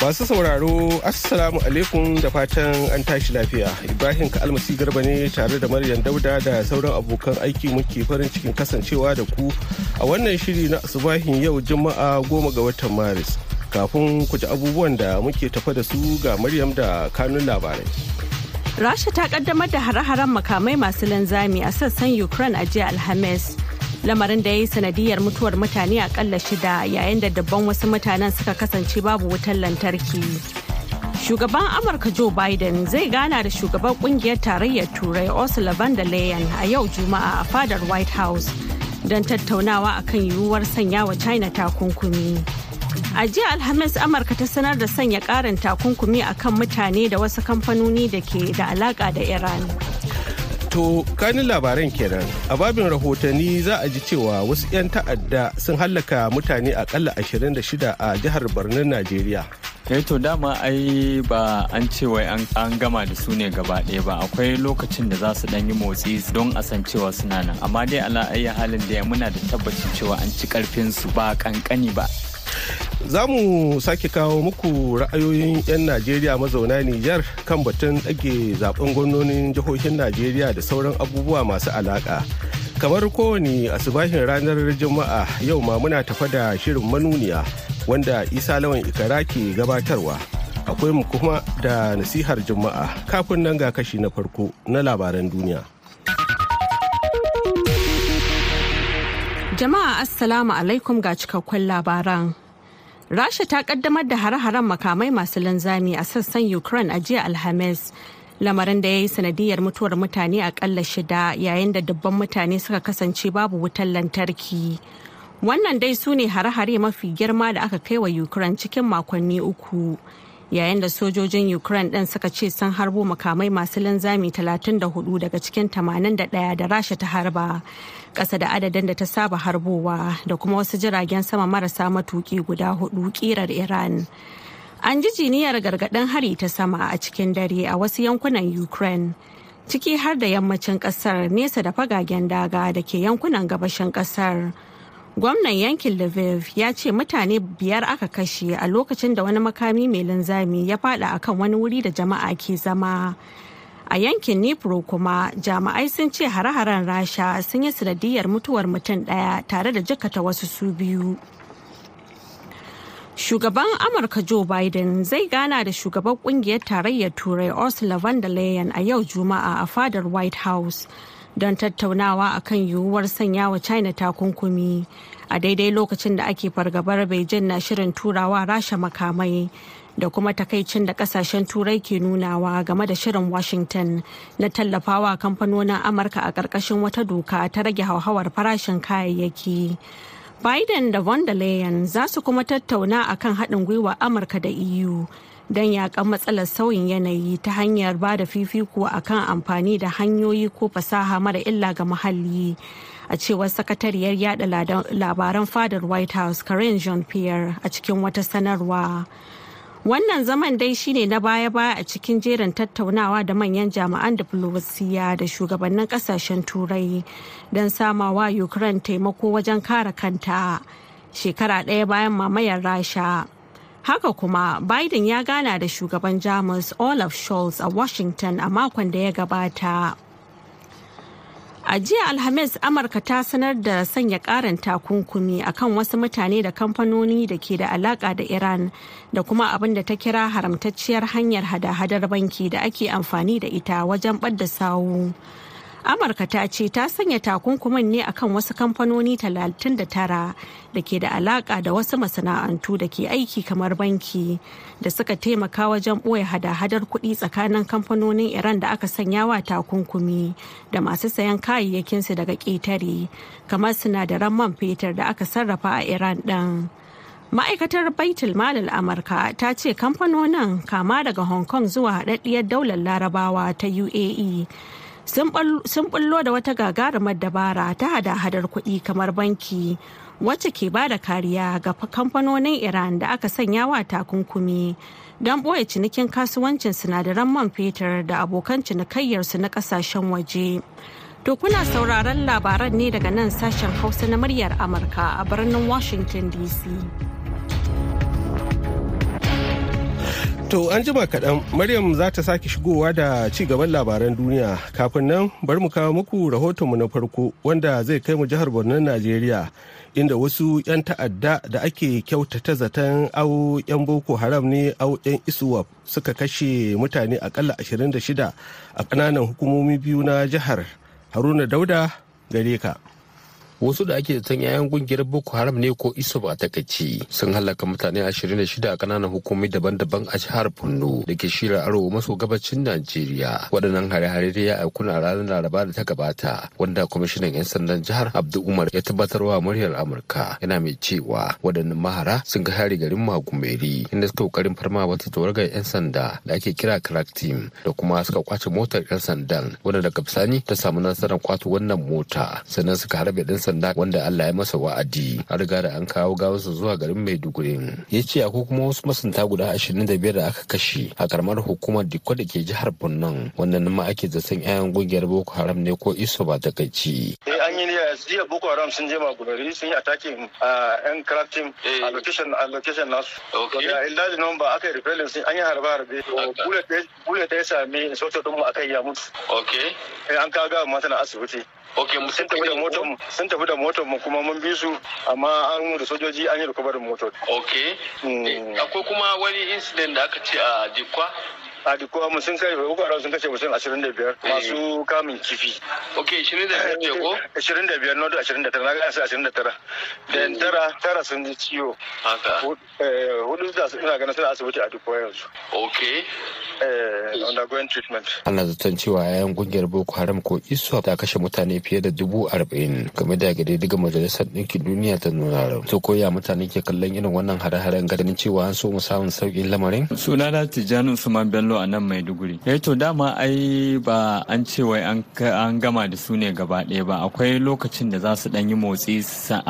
Masu sauraro, Assalamu alaikum da fatan an tashi lafiya. Ibrahim Ka'almasi Garba ne tare da Maryam Dauda da sauran abokan aiki muke farin cikin kasancewa da ku a wannan shiri na asubahin yau Juma'a goma ga watan Maris. Kafin ku ji abubuwan da muke tafa da su ga Maryam da kanun labarai. Rasha ta kaddamar da hare-haren makamai masu linzami a sassan Ukraine a jiya Alhamis. lamarin da ya yi sanadiyar mutuwar mutane akalla shida yayin da dabban wasu mutanen suka kasance babu wutar lantarki shugaban amurka joe biden zai gana da shugaban kungiyar tarayyar turai ursula van der leyen a yau juma'a a fadar white house don tattaunawa akan yiwuwar sanya wa china takunkumi a jiya alhamis amurka ta sanar da sanya karin takunkumi akan mutane da wasu kamfanoni da ke da alaka da iran To kanin labaran kenan a babin rahotanni za a ji cewa wasu 'yan ta'adda sun hallaka mutane akalla 26 a jihar Birnin Najeriya. kai eh to dama ai ba an ce wai an gama da su ne gaba ɗaya ba akwai lokacin da za su ɗan yi motsi don a san cewa suna nan amma dai ala halin da ya muna da tabbacin cewa an ci karfin su ba kankani ba. za mu sake kawo muku ra'ayoyin 'yan najeriya mazauna nijar kan batun ɗage zaben gwamnonin jihohin najeriya da sauran abubuwa masu alaƙa kamar kowane asibahin ranar juma'a yau ma muna tafa da shirin manuniya wanda isa lawan ikara ke gabatarwa akwai mu kuma da nasihar juma'a kafin nan ga kashi na farko na labaran duniya jama'a assalamu alaikum ga cikakkun labaran Rasha ta kaddamar da hare-haren makamai masu linzami a sassan Ukraine a jiya Alhamis. Lamarin da ya yi sanadiyar mutuwar mutane akalla shida yayin da dubban mutane suka kasance babu wutar lantarki. Wannan dai su ne hare-hare mafi girma da aka kai wa Ukraine cikin makonni uku. yayin da sojojin ukraine ɗin suka ce sun harbo makamai masu linzami 34 daga cikin 81 da rasha ta harba ƙasa da adadin da ta saba harbowa da kuma wasu jiragen sama marasa matuki guda hudu ƙirar iran an ji jiniyar gargaɗin hari ta sama a cikin dare a wasu yankunan ukraine ciki har da yammacin ƙasar nesa da fagagen daga da ke yankunan gabashin ƙasar. gwamnan yankin lviv ya ce mutane biyar aka kashe a lokacin da wani makami mai linzami ya fada kan wani wuri da jama'a ke zama a yankin nipro kuma jami'ai sun ce hare-haren rasha sun yi sanadiyar mutuwar mutum daya tare da jikata wasu su biyu Shugaban Amurka Joe Biden zai gana da shugaban kungiyar tarayyar Turai Ursula von der Leyen a yau Juma'a a fadar White House don tattaunawa akan yiwuwar sanya wa china takunkumi a daidai lokacin da ake fargabar beijing na shirin turawa rasha makamai da kuma takaicin da kasashen turai ke nunawa game da shirin washington na tallafawa kamfanonin amurka a ƙarƙashin wata doka ta rage hauhawar farashin kayayyaki biden da von der leyen za su kuma tattauna akan haɗin gwiwa amurka da eu don yakan matsalar sauyin yanayi ta hanyar ba da fifiko a kan amfani da hanyoyi ko fasaha mara illa ga muhalli a cewar sakatariyar yada labaran fadar white house karen jean pierre a cikin wata sanarwa wannan zaman dai shine na baya-baya a cikin jerin tattaunawa da manyan jami'an diflomasiyya da shugabannin kasashen turai don samawa ukraine taimako wajen kare kanta shekara ɗaya bayan mamayar rasha Haka kuma Biden ya gana da shugaban Jamus Olaf Scholz a Washington a makon da ya gabata. A jiya Alhamis Amurka ta sanar da sanya ƙarin takunkumi a kan wasu mutane da kamfanoni da ke da alaƙa da Iran da kuma abin da ta kira haramtacciyar hanyar hada-hadar banki da ake amfani da ita wajen ɓadda sawu. amurka ta ce ta sanya takunkumin ne akan wasu kamfanoni 39 da ke da alaka da wasu masana'antu da ke aiki kamar banki da suka taimaka wajen ɓoye hada-hadar kuɗi tsakanin kamfanonin iran da aka sanya wa takunkumi da masu sayan kayayyakinsu daga ƙetare kamar sinadaran man fetur da aka sarrafa a iran ɗin. ma'aikatar baitul malal amurka ta ce kamfanonin kama daga hong kong zuwa haɗaɗɗiyar daular larabawa ta uae sun bullo da wata gagarumar dabara ta hada-hadar kuɗi kamar banki wacce ke ba da kariya ga kamfanonin iran da aka sanya wa takunkumi don ɓoye cinikin kasuwancin sinadaran man fetur da abokan cinikayyarsu na ƙasashen waje to kuna sauraron labaran ne daga nan sashen hausa na muryar amurka a birnin washington dc To an jima kaɗan Maryam za ta sake shigowa da ci gaban labaran duniya kafin nan bari mu kawo muku rahotonmu na farko wanda zai kai mu jihar Borno Najeriya inda wasu 'yan ta'adda da ake kyautata zaton au 'yan Boko Haram ne au 'yan Isuwaf suka kashe mutane akalla 26 a ƙananan hukumomi biyu na jihar Haruna Dauda gare ka. wasu da ake zaton 'ya'yan kungiyar boko haram ne ko isuf a takaici sun halaka mutane 26 a kananan hukumomi daban-daban a jihar borno da ke shirya arewa maso gabacin najeriya waɗannan hare-hare da ya aiku na ranar laraba da ta gabata wanda kwamishinan 'yan sandan jihar Abdul umar ya tabbatarwa muryar amurka yana mai cewa waɗannan mahara sun ga hari garin magumeri inda suka kokarin farma wata tawagar 'yan sanda da ake kira crack team da kuma suka kwace motar 'yan sandan wanda daga bisani ta samu nasarar kwato wannan mota sannan suka harbe ɗan sanda wanda Allah ya masa wa'adi an riga da an kawo gawarsa zuwa garin Maiduguri ya ce akwai kuma wasu masunta guda 25 da aka kashe a karamar hukumar Dikko da ke jihar Borno wannan ma ake zaton 'ya'yan gungiyar Boko Haram ne ko iso ba ta kai ci. Eh, an yi jiya Boko Haram sun je Magubari sun yi attacking yan ah, crack team eh. a location a location nasu. Da illaji nan ba aka yi repelling sun an yi harbe harbe. Bullet ta ya sami sautar mu a yi ya mutu. Ok. Eh, an kaga mata na asibiti. ok sun tafi da motar sun tafi da motar mu kuma mun bi su amma an da sojoji an yi da motar ok mm. eh, akwai kuma wani incident da aka ce a dikwa a duk mu sun kai boko haram sun kashe mutum 25 eh. masu kamun kifi ok 25 ne ko 25 nodu 29 na gasa 29 da eh. tara tara sun ji ciwo eh, hudu da suna ganin suna asibiti a dikowa yanzu ok undergoing treatment ana zaton cewa yayan kungiyar boko haram ko iswa ta kashe mutane fiye da dubu arba'in game da gade daga majalisar ɗinkin duniya ta nuna to koya mutane ke kallon irin wannan hare-haren ganin cewa an so mu samun sauƙin lamarin sunana tijjani usman bello kallo a nan Maiduguri. ya eh to dama ai ba an ce wai an gama da su ne gaba ɗaya ba akwai lokacin da za su ɗan yi motsi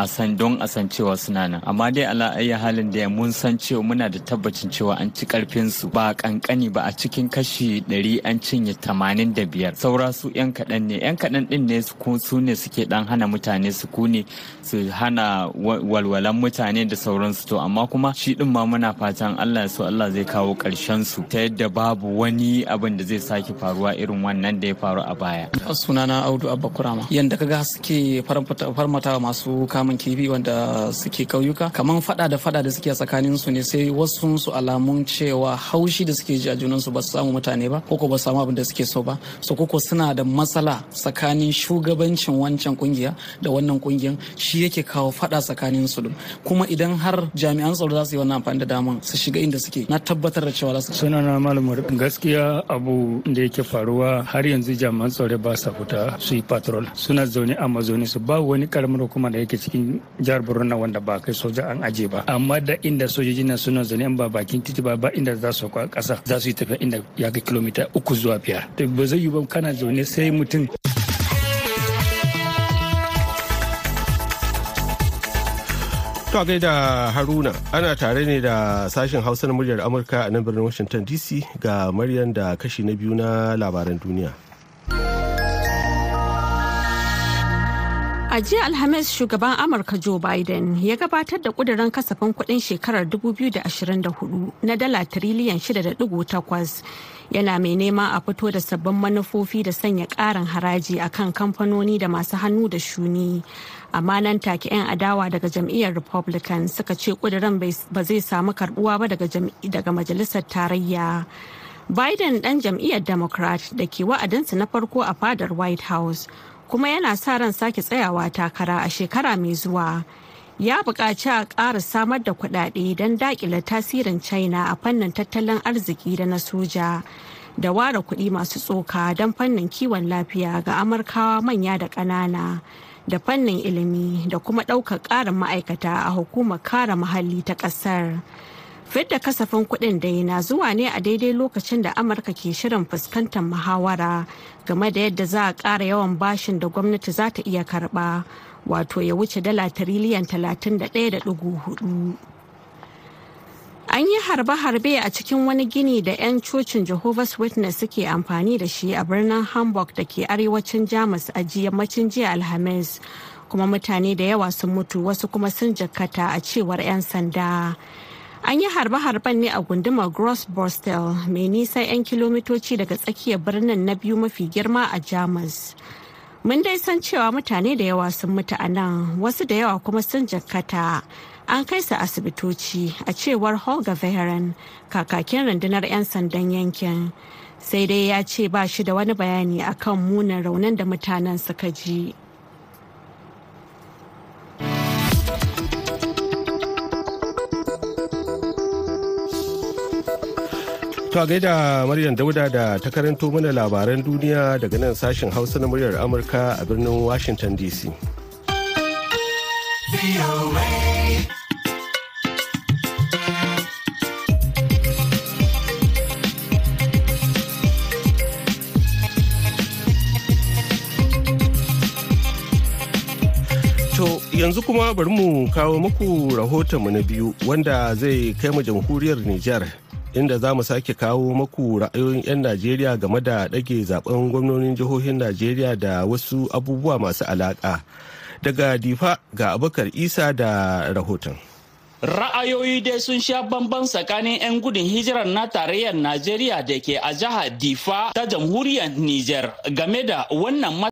a san don a san cewa suna nan amma dai ala ayi halin da mun san cewa muna da tabbacin cewa an ci karfin su ba kankani ba a cikin kashi ɗari an cinye tamanin da biyar saura su yan kaɗan ne yan kaɗan ɗin ne su ne suke ɗan hana mutane su kune su hana walwalan mutane da sauransu to amma kuma shi ɗin ma muna fatan Allah ya so Allah zai kawo ƙarshen su ta yadda ba babu wani abin da zai sake faruwa irin wannan da ya faru a baya. Sunana Audu Abba Kurama. Yanda kaga suke farmata masu kamun kifi wanda suke kauyuka kaman fada da fada da suke tsakanin su ne sai wasu su alamun cewa haushi da suke ji a junan su ba su samu mutane ba ko ba su samu abin da suke so ba. So koko suna da matsala tsakanin shugabancin wancan kungiya da wannan kungiyan shi yake kawo fada tsakanin su kuma idan har jami'an tsaro za su yi wannan amfani da daman su shiga inda suke na tabbatar da cewa za su sunana malam gaskiya abu da yake faruwa har yanzu jami'an tsaro ba sa fita su yi patrol suna zaune a mazauni su ba wani karamar hukuma da yake cikin jihar borno wanda ba kai soja an aje ba amma da inda sojoji na suna zaune ba bakin titi ba ba inda za su kwa kasa za su yi tafiya inda ya kai kilomita uku zuwa biyar to ba zai yi ba kana zaune sai mutum To gaida Haruna ana tare ne da sashen Hausa na muryar Amurka a nan birnin Washington DC ga Maryam da kashi na biyu na labaran duniya. A jiya Alhamis shugaban Amurka Joe Biden ya gabatar da kudirin kasafin kudin shekarar 2024 na dala tiriliyan 6.8 yana mai nema a fito da sabbin manufofi da sanya ƙarin haraji a kan kamfanoni da masu hannu da shuni amma nan take 'yan adawa daga jam'iyyar republican suka ce kudirin ba zai samu karbuwa ba daga majalisar tarayya biden dan jam'iyyar democrat da ke wa'adinsa na farko a fadar white house kuma yana sa ran sake tsayawa takara a shekara mai zuwa ya buƙaci a ƙara samar da kuɗaɗe don dakile tasirin china a fannin tattalin arziki da na soja da ware kuɗi masu tsoka don fannin kiwon lafiya ga amurkawa manya da ƙanana da fannin ilimi da kuma ɗaukar ƙarin ma'aikata a hukumar kare muhalli ta ƙasar. fidda kasafin kuɗin dai na zuwa ne a daidai lokacin da amurka ke shirin fuskantar muhawara game da yadda za a ƙara yawan bashin da gwamnati za ta iya karɓa wato ya wuce dala tiriliyan 31.4 an yi harbe-harbe a cikin wani gini da 'yan cocin jehovah's witness suke amfani da shi a birnin hamburg da ke arewacin jamus a yammacin jiya alhamis kuma mutane da yawa sun mutu wasu kuma sun jakata a cewar 'yan sanda an yi harbe-harben ne a gundumar gross borstel mai nisan 'yan kilomitoci daga tsakiyar birnin na biyu mafi girma a jamus Mun dai san cewa mutane da yawa sun mutu a nan wasu da yawa kuma sun jakkata An kai su asibitoci a cewar Holga veheran kakakin rundunar 'yan sandan yankin. Sai dai ya ce ba shi da wani bayani akan munin raunin da mutanen suka ji. To gaida Maryam Dauda da ta karanto mana labaran duniya daga nan sashen Hausa na muryar Amurka a birnin Washington DC. yanzu kuma bari mu kawo muku rahotonmu na biyu wanda zai kai mu jamhuriyar Nijar. inda za mu sake kawo maku ra'ayoyin 'yan najeriya game da ɗage zaben gwamnonin jihohin najeriya da wasu abubuwa masu alaƙa daga difa ga abubakar isa da rahoton ra'ayoyi dai sun sha bamban tsakanin 'yan gudun hijirar na tarayyar najeriya da ke a jihar difa ta jamhuriyar niger game da wannan